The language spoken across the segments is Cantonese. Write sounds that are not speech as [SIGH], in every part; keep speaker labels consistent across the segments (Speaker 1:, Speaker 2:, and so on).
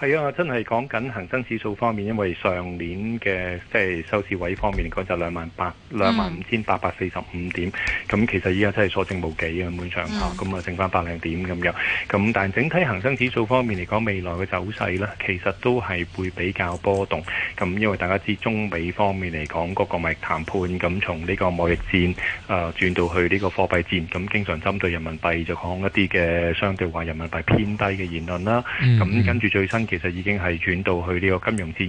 Speaker 1: 係啊，真係講緊恒生指數方面，因為上年嘅即係收市位方面嚟講就兩萬八兩萬五千八百四十五點，咁其實依家真係所剩無幾啊，基本上，咁、mm. 啊剩翻百零點咁樣，咁但係整體恒生指數方面嚟講，未來嘅走勢呢，其實都係會比較波動，咁因為大家知中美方面嚟講、嗰個貿易談判，咁從呢個貿易戰啊、呃、轉到去呢個貨幣戰，咁經常針對人民幣就講一啲嘅相對話人民幣偏低嘅言論啦，咁、mm-hmm. 跟住最新。其實已經係轉到去呢個金融戰。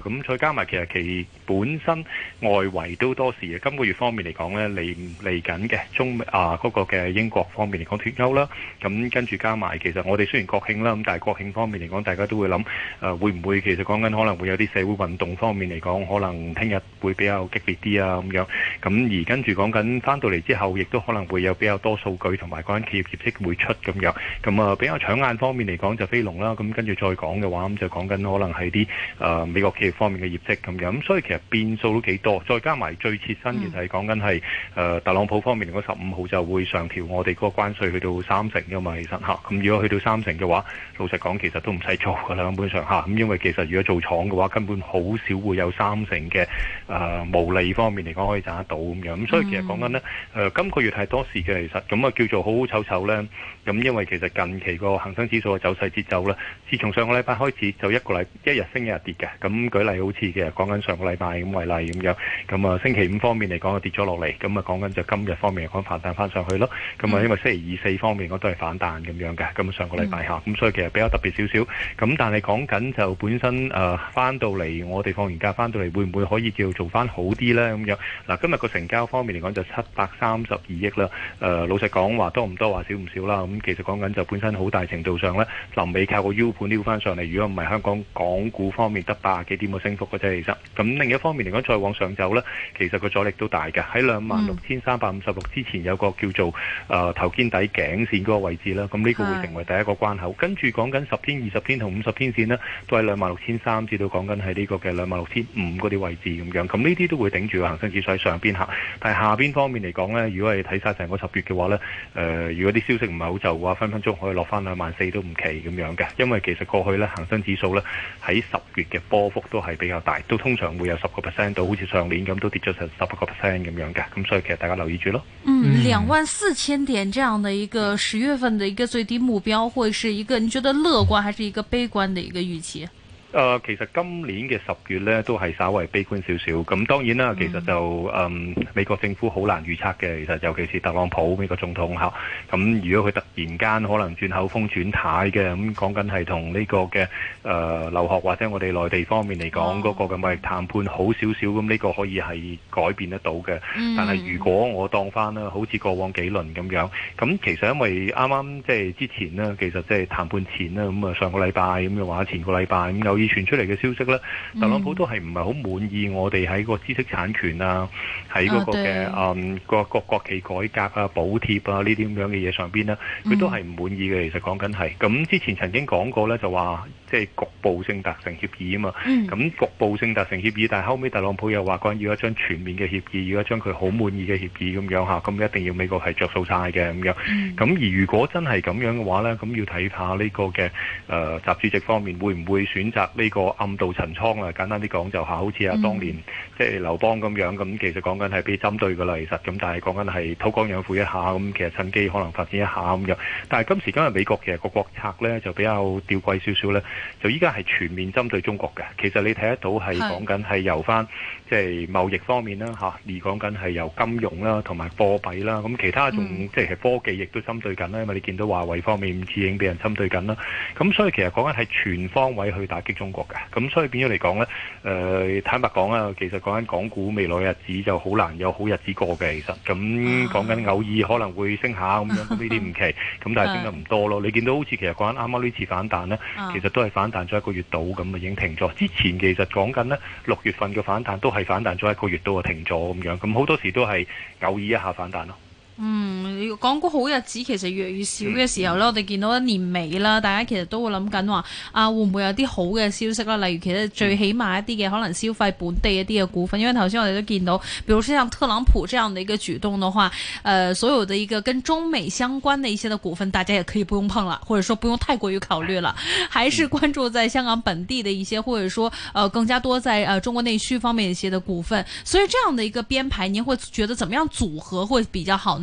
Speaker 1: 咁再加埋，其實其本身外圍都多事嘅。今個月方面嚟講咧，嚟嚟緊嘅中啊嗰個嘅英國方面嚟講脫歐啦。咁跟住加埋，其實我哋雖然國慶啦，咁但係國慶方面嚟講，大家都會諗誒，會唔會其實講緊可能會有啲社會運動方面嚟講，可能聽日會比較激烈啲啊咁樣。咁而跟住講緊返到嚟之後，亦都可能會有比較多數據同埋關於企業業績會出咁樣。咁啊比較搶眼方面嚟講就飛龍啦。咁跟住再講嘅話，咁就講緊可能係啲誒美國。方面嘅業績咁樣，咁所以其實變數都幾多，再加埋最切身嘅係講緊係誒特朗普方面，嗰十五號就會上調我哋嗰個關稅去到三成嘅嘛，因為其實嚇。咁、啊、如果去到三成嘅話，老實講其實都唔使做㗎啦，根本上嚇。咁、啊、因為其實如果做廠嘅話，根本好少會有三成嘅誒、呃、毛利方面嚟講可以賺得到咁樣。咁所以其實講緊呢，誒、嗯呃、今個月係多事嘅，其實咁啊叫做好好醜醜呢。咁因為其實近期個恒生指數嘅走勢節奏咧，自從上個禮拜開始就一個禮一日升一日跌嘅，咁、嗯。舉例好似嘅，講緊上個禮拜咁為例咁樣，咁啊星期五方面嚟講，跌咗落嚟，咁啊講緊就今日方面講反彈翻上去咯，咁啊因為星期二四方面我都係反彈咁樣嘅，咁上個禮拜吓，咁所以其實比較特別少少，咁但係講緊就本身誒翻到嚟我哋放完假翻到嚟，會唔會可以叫做做翻好啲呢咁樣？嗱，今日個成交方面嚟講就七百三十二億啦，誒老實講話多唔多話少唔少啦，咁其實講緊就本身好大程度上呢臨尾靠個 U 盤撩翻上嚟，如果唔係香港港股方面得八十幾點。冇升幅嘅啫，其實咁另一方面嚟講，再往上走呢，其實個阻力都大嘅。喺兩萬六千三百五十六之前有個叫做誒、呃、頭肩底頸線嗰個位置啦，咁呢個會成為第一個關口。跟住講緊十天、二十天同五十天線呢，都係兩萬六千三至到講緊喺呢個嘅兩萬六千五嗰啲位置咁樣。咁呢啲都會頂住個恆生指數喺上邊行，但係下邊方面嚟講呢，如果係睇晒成個十月嘅話呢，誒、呃、如果啲消息唔係好就嘅話，分分鐘可以落翻兩萬四都唔奇咁樣嘅。因為其實過去呢，恒生指數呢喺十月嘅波幅。都係比較大，都通常會有十個 percent 到，好似上年咁，都跌咗成十個 percent 咁樣嘅。咁所以其實大家留意住咯。
Speaker 2: 嗯，兩萬四千點這樣的一個十月份的一個最低目標，會是一個你覺得樂觀還是一個悲觀的一個預期？
Speaker 1: 誒、呃，其實今年嘅十月咧，都係稍為悲觀少少。咁、嗯、當然啦，其實就誒、嗯、美國政府好難預測嘅。其實尤其是特朗普美國總統嚇。咁、啊嗯、如果佢突然間可能轉口風轉態嘅，咁講緊係同呢個嘅誒、呃、留學或者我哋內地方面嚟講嗰個嘅貿易談判好少少，咁、這、呢個可以係改變得到嘅。但係如果我當翻啦，好似過往幾輪咁樣，咁、嗯嗯、其實因為啱啱即係之前呢，其實即係談判前呢，咁、嗯、啊上個禮拜咁嘅話，前個禮拜咁、嗯、有，傳出嚟嘅消息呢，特朗普都係唔係好滿意我哋喺個知識產權啊，喺嗰個嘅誒、啊嗯、國國國企改革啊、補貼啊呢啲咁樣嘅嘢上邊呢，佢都係唔滿意嘅。其實講緊係咁，之前曾經講過呢，就話即係局部性達成協議啊嘛。咁、嗯、局部性達成協議，但係後尾特朗普又話要一張全面嘅協議，要一張佢好滿意嘅協議咁樣吓。咁一定要美國係着數晒嘅咁樣。咁、嗯、而如果真係咁樣嘅話呢，咁要睇下呢個嘅誒、呃、習主席方面會唔會選擇？呢、這個暗度陳倉啦，簡單啲講就下好似啊當年、嗯、即係劉邦咁樣咁，其實講緊係俾針對噶啦，其實咁，但係講緊係韜光養晦一下咁，其實趁機可能發展一下咁樣。但係今時今日美國其實個國策咧就比較吊詭少少咧，就依家係全面針對中國嘅。其實你睇得到係講緊係由翻即係貿易方面啦吓，而講緊係由金融啦同埋貨幣啦，咁其他仲、嗯、即係科技亦都針對緊啦，因為你見到華為方面唔似已經俾人針對緊啦。咁所以其實講緊係全方位去打擊中，中國嘅，咁所以變咗嚟講咧，誒、呃，坦白講啊，其實講緊港股未來日子就好難有好日子過嘅，其實，咁講緊偶爾可能會升下咁樣，呢啲唔奇，咁但係升得唔多咯。你見到好似其實講緊啱啱呢次反彈咧，其實都係反彈咗一個月度咁啊，已經停咗。之前其實講緊咧，六月份嘅反彈都係反彈咗一個月度啊，停咗咁樣，咁好多時都係偶爾一下反彈咯。
Speaker 2: 嗯，港股好日子其實越嚟越少嘅時候咧，我哋見到一年尾啦，大家其實都會諗緊話啊，會唔會有啲好嘅消息啦？例如其實最起碼一啲嘅可能消費本地一啲嘅股份，因為頭先我哋都見到，比如說像特朗普這樣的一個舉動的話，誒、呃，所有的一個跟中美相關的一些的股份，大家也可以不用碰啦，或者說不用太過於考慮啦，還是關注在香港本地的一些，或者說，呃，更加多在呃中國內需方面一些的股份。所以這樣的一個編排，您會覺得怎麼樣組合會比較好？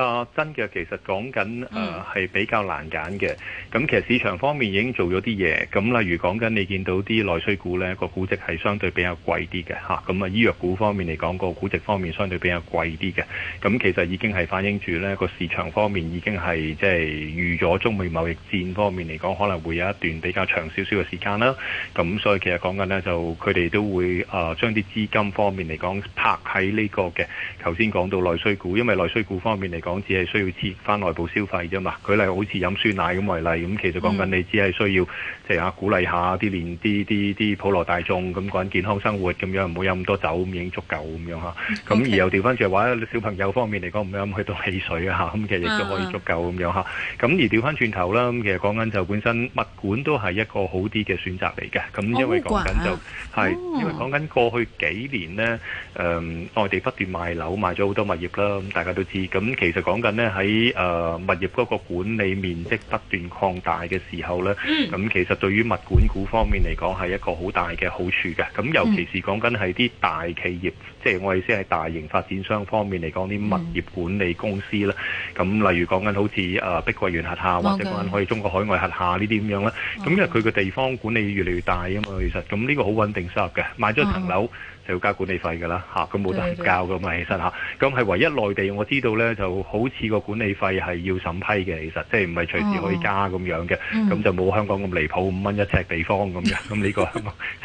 Speaker 1: 啊，真嘅其實講緊誒係比較難揀嘅，咁其實市場方面已經做咗啲嘢，咁例如講緊你見到啲內需股呢個估值係相對比較貴啲嘅吓，咁啊醫藥股方面嚟講個估值方面相對比較貴啲嘅，咁其實已經係反映住呢個市場方面已經係即係預咗中美貿易戰方面嚟講可能會有一段比較長少少嘅時間啦，咁所以其實講緊呢，就佢哋都會啊將啲資金方面嚟講拍喺呢個嘅頭先講到內需股，因為內需股方面嚟講。講只係需要刺激翻內部消費啫嘛。舉例好似飲酸奶咁為例，咁其實講緊你只係需要、嗯、即係嚇鼓勵下啲連啲啲啲普羅大眾咁講、那個、健康生活咁樣，唔好飲咁多酒咁已經足夠咁樣嚇。咁、Okay。而又調翻轉話小朋友方面嚟講咁樣，去到汽水啊咁其實亦都可以足夠咁樣嚇。咁、啊啊啊、而調翻轉頭啦，咁其實講緊就本身物管都係一個好啲嘅選擇嚟嘅。咁因為講緊就係、哦、因為講緊過去幾年呢，誒、呃、內地不斷賣樓賣咗好多物業啦，咁大家都知。咁其其實講緊呢喺誒物業嗰個管理面積不斷擴大嘅時候呢咁、嗯、其實對於物管股方面嚟講係一個好大嘅好處嘅。咁尤其是講緊係啲大企業，即、嗯、係我意思係大型發展商方面嚟講，啲物業管理公司啦，咁、嗯、例如講緊好似誒碧桂園轄下 okay, 或者講緊可以中國海外轄下呢啲咁樣啦。咁、okay, 因為佢嘅地方管理越嚟越大啊嘛，其實咁呢個好穩定收入嘅，買咗層樓。嗯就要交管理費㗎啦，嚇咁冇得唔交㗎嘛？其實嚇，咁係唯一內地我知道咧，就好似個管理費係要審批嘅，其實即係唔係隨時可以加咁樣嘅，咁就冇香港咁離譜，五蚊一尺地方咁樣，咁呢個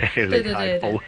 Speaker 1: 即係離譜。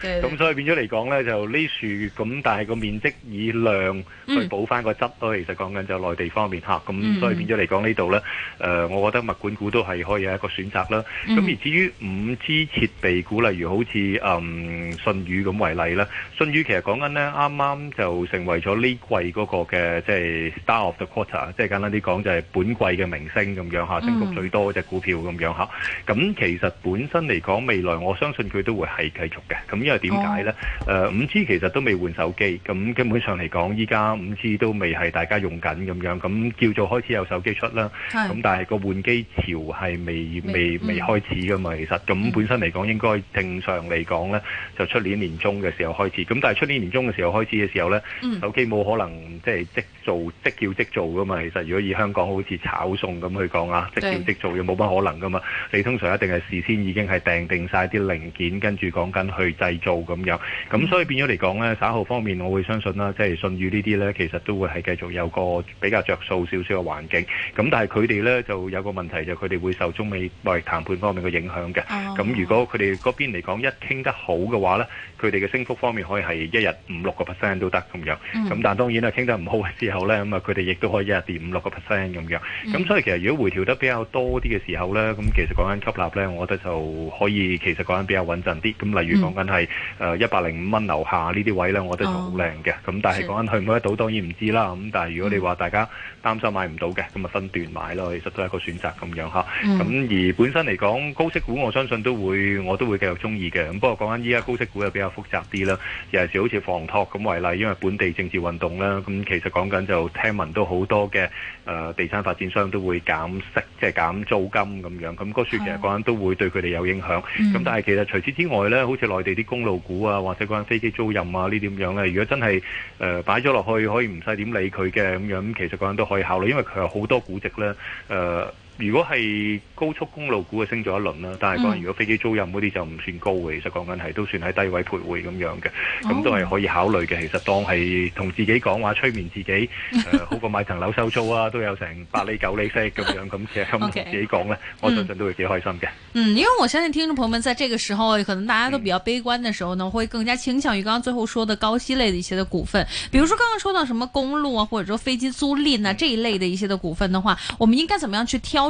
Speaker 1: 咁所以變咗嚟講咧，就呢樹咁大，但係個面積以量去補翻個質咯。其實講緊就內地方面嚇，咁所以變咗嚟講呢度咧，誒，我覺得物管股都係可以有一個選擇啦。咁而至於五 G 設備股，例如好似誒信宇咁。為例啦，舜宇其實講緊呢，啱啱就成為咗呢季嗰個嘅即係、就是、star of the quarter，即係簡單啲講就係本季嘅明星咁樣吓、嗯，升幅最多隻股票咁樣吓。咁其實本身嚟講，未來我相信佢都會係繼續嘅。咁因為點解呢，誒，五、哦呃、G 其實都未換手機，咁根本上嚟講，依家五 G 都未係大家用緊咁樣，咁叫做開始有手機出啦。咁但係個換機潮係未未、嗯、未開始㗎嘛？其實咁本身嚟講，應該正常嚟講呢，就出年年中嘅時候開始，咁但係出年年中嘅時候開始嘅時候咧，手機冇可能即係即做即叫即做噶嘛。其實如果以香港好似炒餸咁去講啊，即叫即做又冇乜可能噶嘛。你通常一定係事先已經係訂定曬啲零件，跟住講緊去製造咁樣。咁所以變咗嚟講咧，稍後方面我會相信啦，即係信譽呢啲咧，其實都會係繼續有個比較著數少少嘅環境。咁但係佢哋咧就有個問題，就佢哋會受中美貿易談判方面嘅影響嘅。咁如果佢哋嗰邊嚟講一傾得好嘅話咧，佢佢哋嘅升幅方面可以係一日五六個 percent 都得咁樣，咁但係當然咧，傾得唔好嘅時候咧，咁啊佢哋亦都可以一日跌五六個 percent 咁樣，咁、嗯嗯嗯、所以其實如果回調得比較多啲嘅時候咧，咁其實講緊吸納咧，我覺得就可以其實講緊比較穩陣啲，咁例如講緊係誒一百零五蚊樓下呢啲位咧，我覺得仲好靚嘅，咁、哦、但係講緊去唔去得到當然唔知啦，咁但係如果你話大家擔心買唔到嘅，咁啊分段買咯，其實都係一個選擇咁樣嚇，咁、嗯嗯、而本身嚟講高息股我相信都會我都會繼續中意嘅，咁不過講緊依家高息股又比較複雜啲啦，尤其是好似房託咁為例，因為本地政治運動啦。咁其實講緊就聽聞都好多嘅，誒、呃、地產發展商都會減息，即係減租金咁樣，咁、咁個數其實講緊都會對佢哋有影響。咁、oh. 但係其實除此之外呢，好似內地啲公路股啊，或者嗰間飛機租賃啊呢啲咁樣呢，如果真係誒擺咗落去，可以唔使點理佢嘅咁樣，其實講緊都可以考慮，因為佢有好多估值呢。誒、呃。如果係高速公路股啊升咗一輪啦，但係如果飛機租賃嗰啲就唔算高嘅，嗯，其實講緊係都算喺低位徘徊咁樣嘅，
Speaker 2: 咁、嗯哦，都係可
Speaker 1: 以考慮嘅。其實當係同自己講話催眠自己，呃，好過買層樓收租啊， [LAUGHS] 都有成八厘九厘息 [LAUGHS] 咁樣咁嘅，咁同自己講咧， [LAUGHS] 我相信都會幾開心嘅。嗯，
Speaker 2: 因為我相信聽眾朋友們在這個時候，可能大家都比較悲觀的時候呢，嗯，會更加傾向於剛剛最後說的高息類的一些的股份，比如說剛剛說到什麼公路啊，或者說飛機租賃啊這一類的一些的股份的話，我們應該怎麼樣去挑？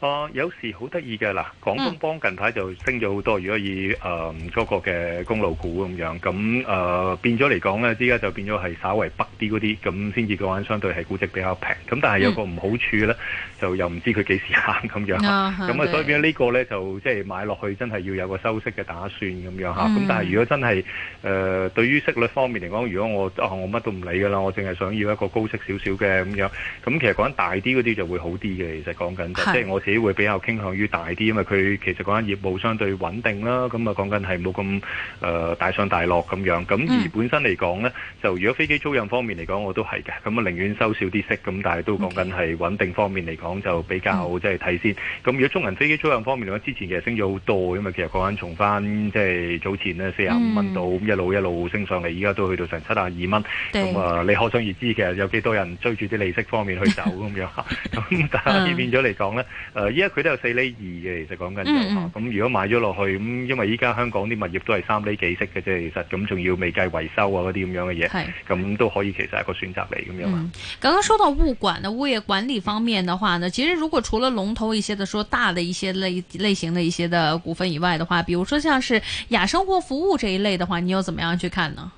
Speaker 1: 啊，有時好得意嘅嗱，廣東幫近排就升咗好多，嗯，如果以誒嗰個嘅公路股咁樣，咁誒、呃、變咗嚟講咧，依家就變咗係稍微北啲嗰啲，咁先至個相對係估值比較平。咁但係有個唔好處咧，嗯，就又唔知佢幾時慳咁樣，咁、哦、啊、嗯、所以變咗呢個咧就即係、就是、買落去真係要有個收息嘅打算咁樣咁、嗯、但係如果真係誒、呃、對於息率方面嚟講，如果我我乜都唔理㗎啦，我淨係想要一個高息少少嘅咁樣。咁其實講緊大啲嗰啲就會好啲嘅，其實講緊即係我。自己會比較傾向於大啲，因為佢其實講緊業務相對穩定啦。咁啊，講緊係冇咁誒大上大落咁樣。咁而本身嚟講呢，就如果飛機租賃方面嚟講，我都係嘅。咁啊，寧願收少啲息，咁但係都講緊係穩定方面嚟講就比較即係睇先。咁如果中銀飛機租賃方面之前其實升咗好多，因為其實講緊重翻即係早前呢四十五蚊到，mm. 一路一路升上嚟，依家都去到成七十二蚊。咁啊，你可想而知其實有幾多人追住啲利息方面去走咁 [LAUGHS] 樣。咁但係變咗嚟講呢。呃依家佢都有四厘二嘅，其實講緊咁如果買咗落去，咁、嗯、因為依家香港啲物業都係三厘幾息嘅啫，其實咁仲要未計維修啊嗰啲咁樣嘅嘢，咁都可以其實係一個選擇嚟咁樣嘛。
Speaker 2: 剛剛說到物管呢，物業管理方面嘅話呢，其實如果除了龍頭一些的說、說大的一些類類型的一些的股份以外的話，比如說像是雅生活服務這一類的話，你又怎麼樣去看呢？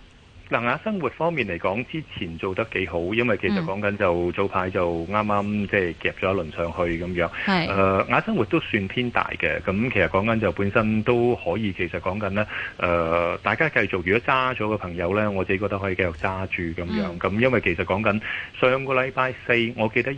Speaker 1: 嗱，雅生活方面嚟講，之前做得幾好，因為其實講緊就、嗯、早排就啱啱即係夾咗一輪上去咁樣。係。誒、呃，雅生活都算偏大嘅，咁其實講緊就本身都可以。其實講緊咧，誒、呃，大家繼續如果揸咗嘅朋友咧，我自己覺得可以繼續揸住咁樣。咁、嗯、因為其實講緊上個禮拜四，我記得一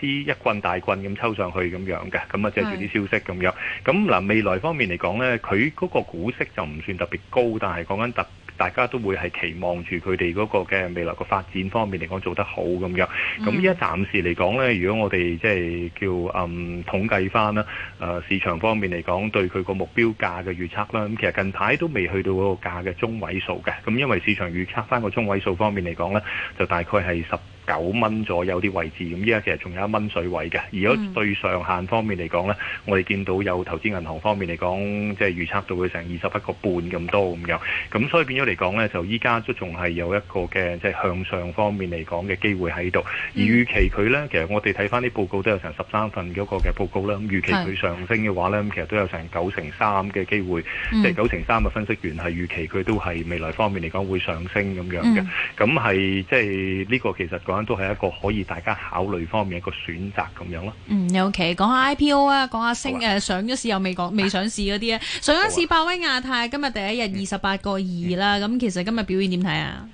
Speaker 1: 支一棍大棍咁抽上去咁樣嘅，咁啊借住啲消息咁樣。咁嗱，未來方面嚟講咧，佢嗰個股息就唔算特別高，但係講緊。特。大家都會係期望住佢哋嗰個嘅未來個發展方面嚟講做得好咁樣。咁依家暫時嚟講呢，如果我哋即係叫嗯統計翻啦、呃，市場方面嚟講對佢個目標價嘅預測啦，咁其實近排都未去到嗰個價嘅中位數嘅。咁因為市場預測翻個中位數方面嚟講呢，就大概係十。九蚊左右啲位置，咁依家其實仲有一蚊水位嘅。而如果對上限方面嚟講呢、嗯，我哋見到有投資銀行方面嚟講，即係預測到佢成二十一個半咁多咁樣。咁所以變咗嚟講呢，就依家都仲係有一個嘅即係向上方面嚟講嘅機會喺度、嗯。而預期佢呢，其實我哋睇翻啲報告都有成十三份嗰個嘅報告啦。咁預期佢上升嘅話呢，咁其實都有成九成三嘅機會，即係九成三嘅分析員係預期佢都係未來方面嚟講會上升咁樣嘅。咁係即係呢個其實。都係一個可以大家考慮方面擇，嗯、okay，一個選擇咁樣咯。
Speaker 2: 嗯，OK，講下 IPO 啊，講下升誒、啊，啊、上咗市又未講，未上市嗰啲啊，上咗市百威亞太今日第一日二十八個二啦。咁、嗯嗯、其實今日表現點睇啊？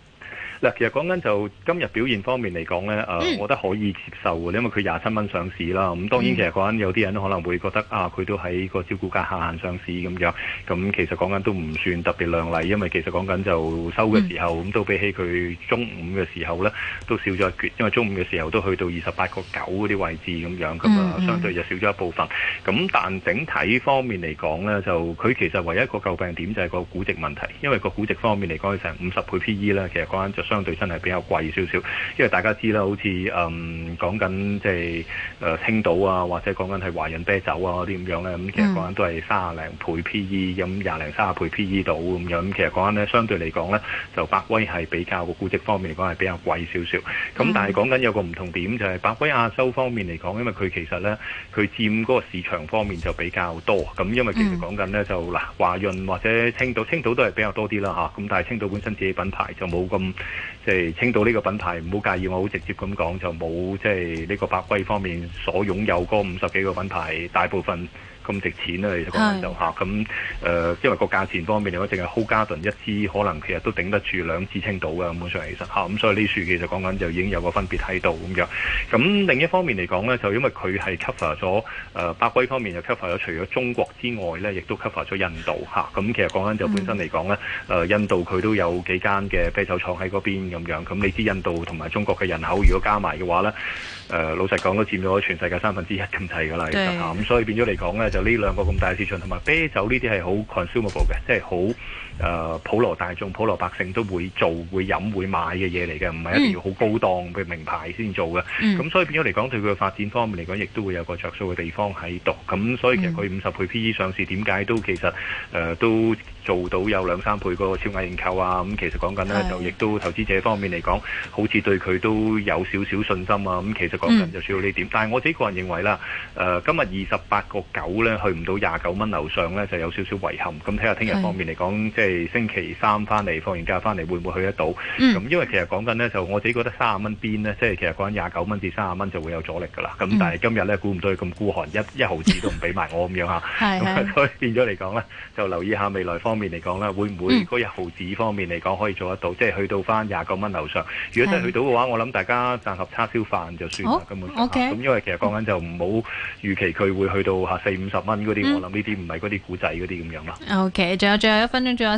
Speaker 1: 嗱，其實講緊就今日表現方面嚟講咧，誒、嗯，我覺得可以接受嘅，因為佢廿七蚊上市啦。咁當然其實講緊有啲人可能會覺得、嗯、啊，佢都喺個招股價下限上市咁樣，咁其實講緊都唔算特別亮麗，因為其實講緊就收嘅時候咁、嗯、都比起佢中午嘅時候咧，都少咗一橛，因為中午嘅時候都去到二十八個九嗰啲位置咁樣，咁、嗯、啊，相對就少咗一部分。咁、嗯、但整體方面嚟講咧，就佢其實唯一一個詬病點就係個估值問題，因為個估值方面嚟講係成五十倍 P/E 啦，其實講緊相對真係比較貴少少，因為大家知啦，好似誒講緊即係誒青島啊，或者講緊係華潤啤酒啊啲咁樣咧，咁其實講緊都係三廿零倍 P E，咁廿零三廿倍 P E 到咁樣，咁其實講緊咧，相對嚟講咧，就百威係比較個估值方面嚟講係比較貴少少。咁但係講緊有個唔同點就係、是、百威亞洲方面嚟講，因為佢其實咧佢佔嗰個市場方面就比較多，咁因為其實講緊咧就嗱華潤或者青島，青島都係比較多啲啦嚇。咁但係青島本身自己品牌就冇咁。即係青島呢個品牌，唔好介意，我好直接咁講，就冇即係呢個百威方面所擁有嗰五十幾個品牌，大部分。咁值錢呢，其實講緊就嚇咁誒，因為個價錢方面，你講淨係 Hoegaarden 一支，可能其實都頂得住兩支青島嘅咁上其實嚇咁，所以呢樹其實講緊就已經有個分別喺度咁樣。咁另一方面嚟講呢，就因為佢係 cover 咗誒百威方面，就 cover 咗除咗中國之外呢，亦都 cover 咗印度嚇。咁其實講緊就本身嚟講呢，誒印度佢都有幾間嘅啤酒廠喺嗰邊咁樣。咁你知印度同埋中國嘅人口如果加埋嘅話呢，誒老實講都佔咗全世界三分之一咁滯㗎啦，其實咁所以變咗嚟講呢。呢兩個咁大市場，同埋啤酒呢啲係好 consumable 嘅，即係好。誒、uh, 普羅大眾、普羅百姓都會做、會飲、會買嘅嘢嚟嘅，唔係一定要好高檔嘅名牌先做嘅。咁、mm. 所以變咗嚟講，對佢嘅發展方面嚟講，亦都會有個着數嘅地方喺度。咁所以其實佢五十倍 P/E 上市，點、mm. 解都其實誒、呃、都做到有兩三倍個超額認購啊。咁、嗯、其實講緊呢，就亦都投資者方面嚟講，好似對佢都有少少信心啊。咁、嗯、其實講緊就少到呢點。Mm. 但係我自己個人認為啦，誒、呃、今日二十八個九咧，去唔到廿九蚊樓上咧，就有少少遺憾。咁睇下聽日方面嚟講，即係星期三翻嚟，放完假翻嚟，會唔會去得到？咁、嗯、因為其實講緊呢，就我自己覺得三十蚊邊呢，即係其實講緊廿九蚊至三十蚊就會有阻力噶啦。咁、嗯、但係今日呢，估唔到佢咁孤寒，一一毫子都唔俾埋我咁樣嚇。咁、 [LAUGHS] 嗯、所以變咗嚟講呢，就留意下未來方面嚟講咧，會唔會嗰一毫子方面嚟講可以做得到？嗯、即係去到翻廿九蚊樓上，如果真係去到嘅話，我諗大家賺盒叉燒飯就算啦、哦，根本上、就係。咁、okay, 因為其實講緊就唔好預期佢會去到嚇四五十蚊嗰啲，我諗呢啲唔係嗰啲古仔嗰啲咁樣啦。
Speaker 2: OK，仲有最後一分鐘，仲有。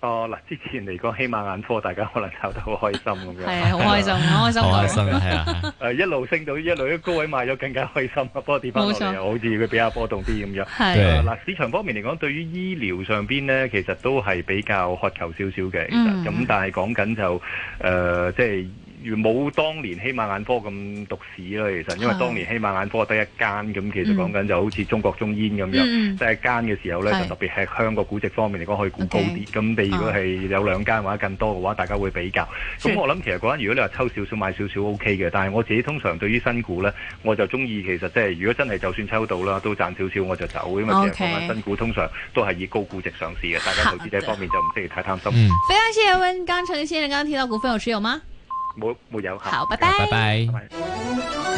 Speaker 1: 哦，嗱，之前嚟講希瑪眼科，大家可能炒得好開心咁樣，係 [LAUGHS] 好開心，好開, [LAUGHS] 開心，好開心係啊，誒， [LAUGHS] [LAUGHS] 一路升到一路喺高位賣咗，更加開心，不過跌翻落嚟，好似佢比較波動啲咁樣。係， [LAUGHS] 嗱、啊，市場方面嚟講，對於醫療上邊咧，其實都係比較渴求少少嘅，咁但係講緊就誒，即、嗯、係。嗯如冇當年希瑪眼科咁獨市啦，其實因為當年希瑪眼科得一間，咁、嗯、其實講緊就好似中國中煙咁樣，得、嗯就是、一間嘅時候咧，就特別喺香港估值方面嚟講可以估高啲。咁、okay, 你如果係有兩間或者更多嘅話，大家會比較。咁我諗其實嗰陣如果你話抽少少買少少 O K 嘅，但係我自己通常對於新股咧，我就中意其實即係如果真係就算抽到啦，都賺少少我就走，因為其實新股通常都係以高估值上市嘅，大家投資者方面就唔需要太貪心、嗯。
Speaker 2: 非常謝謝溫鋼城先生，剛剛提到股份有持有嗎？
Speaker 1: 沒有，沒有。好，好，拜拜好，拜拜，
Speaker 2: 拜拜。拜拜。